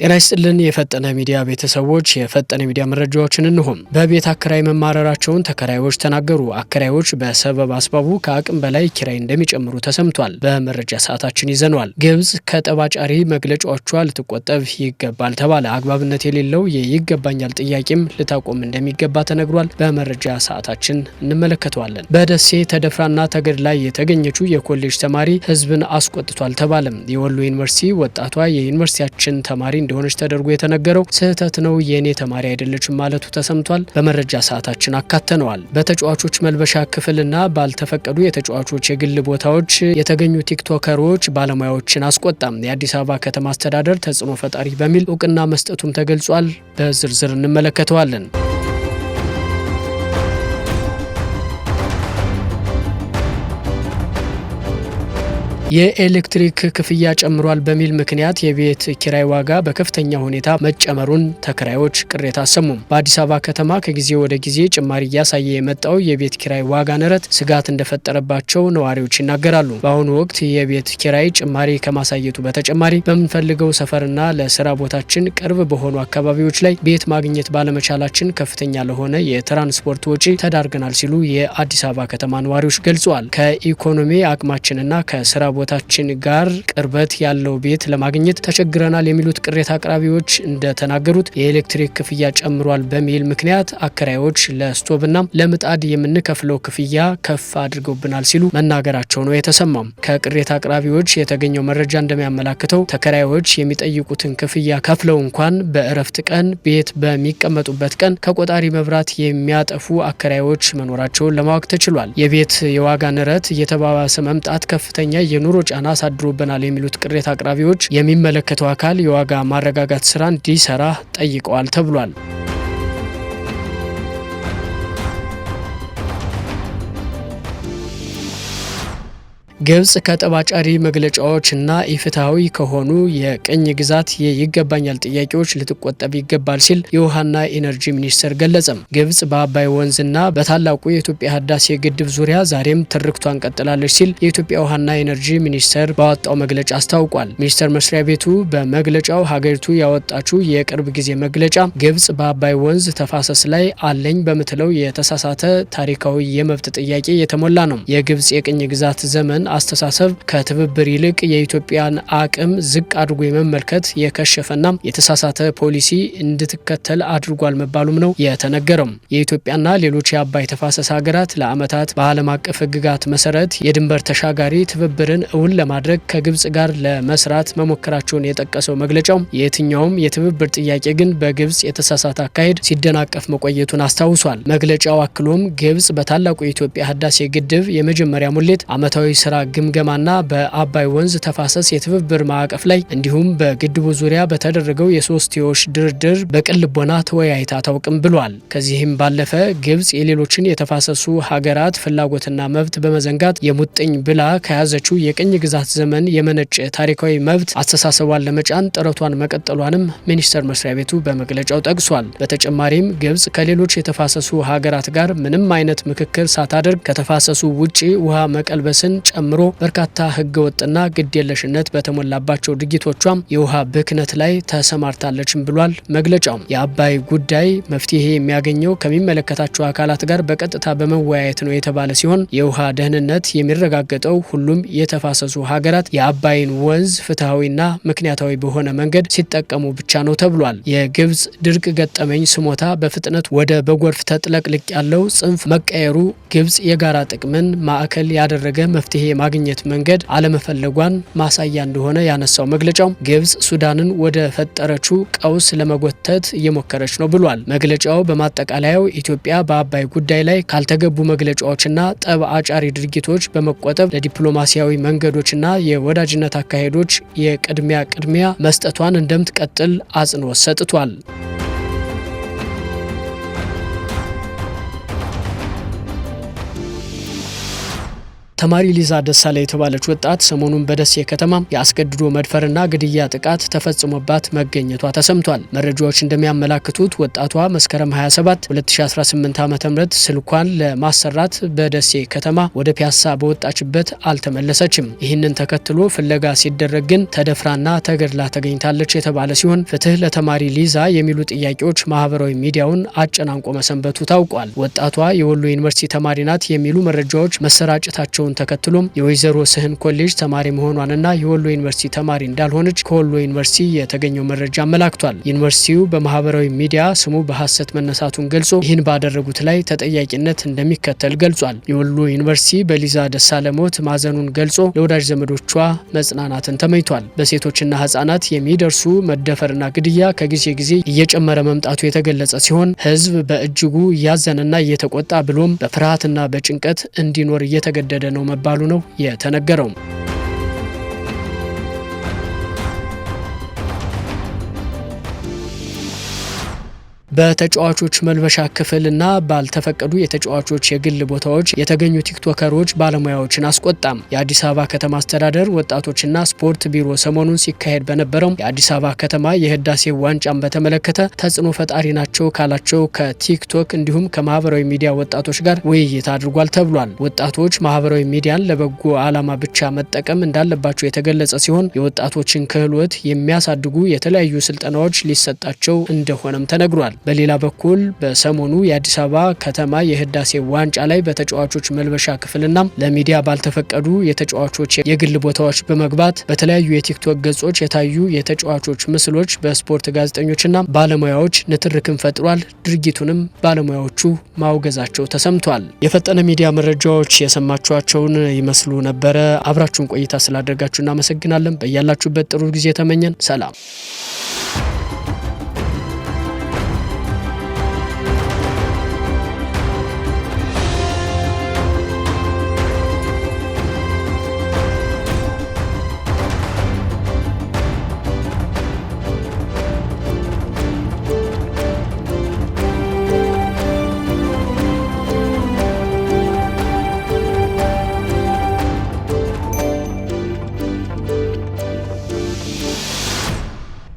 ጤና ይስጥልን የፈጠነ ሚዲያ ቤተሰቦች፣ የፈጠነ ሚዲያ መረጃዎችን እንሆም። በቤት አከራይ መማረራቸውን ተከራዮች ተናገሩ። አከራዮች በሰበብ አስባቡ ከአቅም በላይ ኪራይ እንደሚጨምሩ ተሰምቷል። በመረጃ ሰዓታችን ይዘነዋል። ግብጽ ከጠባጫሪ መግለጫዎቿ ልትቆጠብ ይገባል ተባለ። አግባብነት የሌለው የይገባኛል ጥያቄም ልታቆም እንደሚገባ ተነግሯል። በመረጃ ሰዓታችን እንመለከተዋለን። በደሴ ተደፍራና ተገድላ የተገኘችው የኮሌጅ ተማሪ ህዝብን አስቆጥቷል ተባለም። የወሎ ዩኒቨርሲቲ ወጣቷ የዩኒቨርሲቲያችን ተማሪ እንደሆነች ተደርጎ የተነገረው ስህተት ነው፣ የእኔ ተማሪ አይደለችም ማለቱ ተሰምቷል። በመረጃ ሰዓታችን አካተነዋል። በተጫዋቾች መልበሻ ክፍልና ባልተፈቀዱ የተጫዋቾች የግል ቦታዎች የተገኙ ቲክቶከሮች ባለሙያዎችን አስቆጣም። የአዲስ አበባ ከተማ አስተዳደር ተጽዕኖ ፈጣሪ በሚል እውቅና መስጠቱም ተገልጿል። በዝርዝር እንመለከተዋለን። የኤሌክትሪክ ክፍያ ጨምሯል በሚል ምክንያት የቤት ኪራይ ዋጋ በከፍተኛ ሁኔታ መጨመሩን ተከራዮች ቅሬታ አሰሙም። በአዲስ አበባ ከተማ ከጊዜ ወደ ጊዜ ጭማሪ እያሳየ የመጣው የቤት ኪራይ ዋጋ ንረት ስጋት እንደፈጠረባቸው ነዋሪዎች ይናገራሉ። በአሁኑ ወቅት የቤት ኪራይ ጭማሪ ከማሳየቱ በተጨማሪ በምንፈልገው ሰፈርና ለስራ ቦታችን ቅርብ በሆኑ አካባቢዎች ላይ ቤት ማግኘት ባለመቻላችን ከፍተኛ ለሆነ የትራንስፖርት ወጪ ተዳርገናል ሲሉ የአዲስ አበባ ከተማ ነዋሪዎች ገልጸዋል። ከኢኮኖሚ አቅማችንና ከስራ ቦታችን ጋር ቅርበት ያለው ቤት ለማግኘት ተቸግረናል የሚሉት ቅሬታ አቅራቢዎች እንደተናገሩት የኤሌክትሪክ ክፍያ ጨምሯል በሚል ምክንያት አከራዮች ለስቶብና ለምጣድ የምንከፍለው ክፍያ ከፍ አድርገውብናል ሲሉ መናገራቸው ነው የተሰማም። ከቅሬታ አቅራቢዎች የተገኘው መረጃ እንደሚያመላክተው ተከራዮች የሚጠይቁትን ክፍያ ከፍለው እንኳን በእረፍት ቀን ቤት በሚቀመጡበት ቀን ከቆጣሪ መብራት የሚያጠፉ አከራዮች መኖራቸውን ለማወቅ ተችሏል። የቤት የዋጋ ንረት እየተባባሰ መምጣት ከፍተኛ የኑሮ ጫና አሳድሮብናል የሚሉት ቅሬታ አቅራቢዎች የሚመለከተው አካል የዋጋ ማረጋጋት ስራ እንዲሰራ ጠይቀዋል ተብሏል። ግብጽ ከጠባጫሪ መግለጫዎች እና ኢፍትሐዊ ከሆኑ የቅኝ ግዛት የይገባኛል ጥያቄዎች ልትቆጠብ ይገባል ሲል የውሃና ኢነርጂ ሚኒስቴር ገለጸም። ግብጽ በአባይ ወንዝና በታላቁ የኢትዮጵያ ህዳሴ ግድብ ዙሪያ ዛሬም ትርክቷን ቀጥላለች ሲል የኢትዮጵያ ውሃና ኢነርጂ ሚኒስቴር ባወጣው መግለጫ አስታውቋል። ሚኒስቴር መስሪያ ቤቱ በመግለጫው ሀገሪቱ ያወጣችው የቅርብ ጊዜ መግለጫ ግብጽ በአባይ ወንዝ ተፋሰስ ላይ አለኝ በምትለው የተሳሳተ ታሪካዊ የመብት ጥያቄ የተሞላ ነው። የግብጽ የቅኝ ግዛት ዘመን አስተሳሰብ ከትብብር ይልቅ የኢትዮጵያን አቅም ዝቅ አድርጎ የመመልከት የከሸፈና የተሳሳተ ፖሊሲ እንድትከተል አድርጓል መባሉም ነው የተነገረው። የኢትዮጵያና ሌሎች የአባይ ተፋሰስ ሀገራት ለዓመታት በዓለም አቀፍ ህግጋት መሰረት የድንበር ተሻጋሪ ትብብርን እውን ለማድረግ ከግብጽ ጋር ለመስራት መሞከራቸውን የጠቀሰው መግለጫው የትኛውም የትብብር ጥያቄ ግን በግብጽ የተሳሳተ አካሄድ ሲደናቀፍ መቆየቱን አስታውሷል። መግለጫው አክሎም ግብጽ በታላቁ የኢትዮጵያ ህዳሴ ግድብ የመጀመሪያ ሙሌት ዓመታዊ ስራ የጋራ ግምገማና በአባይ ወንዝ ተፋሰስ የትብብር ማዕቀፍ ላይ እንዲሁም በግድቡ ዙሪያ በተደረገው የሶስትዮሽ ድርድር በቅን ልቦና ተወያይታ ታውቅም ብሏል። ከዚህም ባለፈ ግብጽ የሌሎችን የተፋሰሱ ሀገራት ፍላጎትና መብት በመዘንጋት የሙጥኝ ብላ ከያዘችው የቅኝ ግዛት ዘመን የመነጨ ታሪካዊ መብት አስተሳሰቧን ለመጫን ጥረቷን መቀጠሏንም ሚኒስቴር መስሪያ ቤቱ በመግለጫው ጠቅሷል። በተጨማሪም ግብጽ ከሌሎች የተፋሰሱ ሀገራት ጋር ምንም አይነት ምክክር ሳታደርግ ከተፋሰሱ ውጪ ውሃ መቀልበስን ጨማ ጨምሮ በርካታ ህገወጥና ግዴለሽነት በተሞላባቸው ድርጊቶቿም የውሃ ብክነት ላይ ተሰማርታለችም ብሏል መግለጫውም። የአባይ ጉዳይ መፍትሄ የሚያገኘው ከሚመለከታቸው አካላት ጋር በቀጥታ በመወያየት ነው የተባለ ሲሆን የውሃ ደህንነት የሚረጋገጠው ሁሉም የተፋሰሱ ሀገራት የአባይን ወንዝ ፍትሐዊና ምክንያታዊ በሆነ መንገድ ሲጠቀሙ ብቻ ነው ተብሏል። የግብጽ ድርቅ ገጠመኝ ስሞታ በፍጥነት ወደ በጎርፍ ተጥለቅልቅ ያለው ጽንፍ መቀየሩ ግብጽ የጋራ ጥቅምን ማዕከል ያደረገ መፍትሄ የማግኘት መንገድ አለመፈለጓን ማሳያ እንደሆነ ያነሳው መግለጫው ግብጽ ሱዳንን ወደ ፈጠረችው ቀውስ ለመጎተት እየሞከረች ነው ብሏል። መግለጫው በማጠቃለያው ኢትዮጵያ በአባይ ጉዳይ ላይ ካልተገቡ መግለጫዎችና ጠብ አጫሪ ድርጊቶች በመቆጠብ ለዲፕሎማሲያዊ መንገዶችና የወዳጅነት አካሄዶች የቅድሚያ ቅድሚያ መስጠቷን እንደምትቀጥል አጽንኦት ሰጥቷል። ተማሪ ሊዛ ደሳላ የተባለች ወጣት ሰሞኑን በደሴ ከተማ የአስገድዶ መድፈርና ግድያ ጥቃት ተፈጽሞባት መገኘቷ ተሰምቷል። መረጃዎች እንደሚያመላክቱት ወጣቷ መስከረም 27 2018 ዓ ም ስልኳን ለማሰራት በደሴ ከተማ ወደ ፒያሳ በወጣችበት አልተመለሰችም። ይህንን ተከትሎ ፍለጋ ሲደረግ ግን ተደፍራና ተገድላ ተገኝታለች የተባለ ሲሆን ፍትህ ለተማሪ ሊዛ የሚሉ ጥያቄዎች ማህበራዊ ሚዲያውን አጨናንቆ መሰንበቱ ታውቋል። ወጣቷ የወሎ ዩኒቨርሲቲ ተማሪ ናት የሚሉ መረጃዎች መሰራጨታቸው መሆናቸውን ተከትሎም የወይዘሮ ስህን ኮሌጅ ተማሪ መሆኗንና የወሎ ዩኒቨርሲቲ ተማሪ እንዳልሆነች ከወሎ ዩኒቨርሲቲ የተገኘው መረጃ አመላክቷል። ዩኒቨርሲቲው በማህበራዊ ሚዲያ ስሙ በሀሰት መነሳቱን ገልጾ ይህን ባደረጉት ላይ ተጠያቂነት እንደሚከተል ገልጿል። የወሎ ዩኒቨርሲቲ በሊዛ ደሳለሞት ሞት ማዘኑን ገልጾ ለወዳጅ ዘመዶቿ መጽናናትን ተመኝቷል። በሴቶችና ህጻናት የሚደርሱ መደፈርና ግድያ ከጊዜ ጊዜ እየጨመረ መምጣቱ የተገለጸ ሲሆን ህዝብ በእጅጉ እያዘነና እየተቆጣ ብሎም በፍርሃትና በጭንቀት እንዲኖር እየተገደደ ነው መባሉ ነው የተነገረው። በተጫዋቾች መልበሻ ክፍል እና ባልተፈቀዱ የተጫዋቾች የግል ቦታዎች የተገኙ ቲክቶከሮች ባለሙያዎችን አስቆጣም። የአዲስ አበባ ከተማ አስተዳደር ወጣቶችና ስፖርት ቢሮ ሰሞኑን ሲካሄድ በነበረው የአዲስ አበባ ከተማ የህዳሴ ዋንጫን በተመለከተ ተጽዕኖ ፈጣሪ ናቸው ካላቸው ከቲክቶክ እንዲሁም ከማህበራዊ ሚዲያ ወጣቶች ጋር ውይይት አድርጓል ተብሏል። ወጣቶች ማህበራዊ ሚዲያን ለበጎ ዓላማ ብቻ መጠቀም እንዳለባቸው የተገለጸ ሲሆን የወጣቶችን ክህሎት የሚያሳድጉ የተለያዩ ስልጠናዎች ሊሰጣቸው እንደሆነም ተነግሯል። በሌላ በኩል በሰሞኑ የአዲስ አበባ ከተማ የህዳሴ ዋንጫ ላይ በተጫዋቾች መልበሻ ክፍልና ለሚዲያ ባልተፈቀዱ የተጫዋቾች የግል ቦታዎች በመግባት በተለያዩ የቲክቶክ ገጾች የታዩ የተጫዋቾች ምስሎች በስፖርት ጋዜጠኞችና ባለሙያዎች ንትርክን ፈጥሯል። ድርጊቱንም ባለሙያዎቹ ማውገዛቸው ተሰምቷል። የፈጠነ ሚዲያ መረጃዎች የሰማችኋቸውን ይመስሉ ነበረ። አብራችሁን ቆይታ ስላደረጋችሁ እናመሰግናለን። በያላችሁበት ጥሩ ጊዜ ተመኘን። ሰላም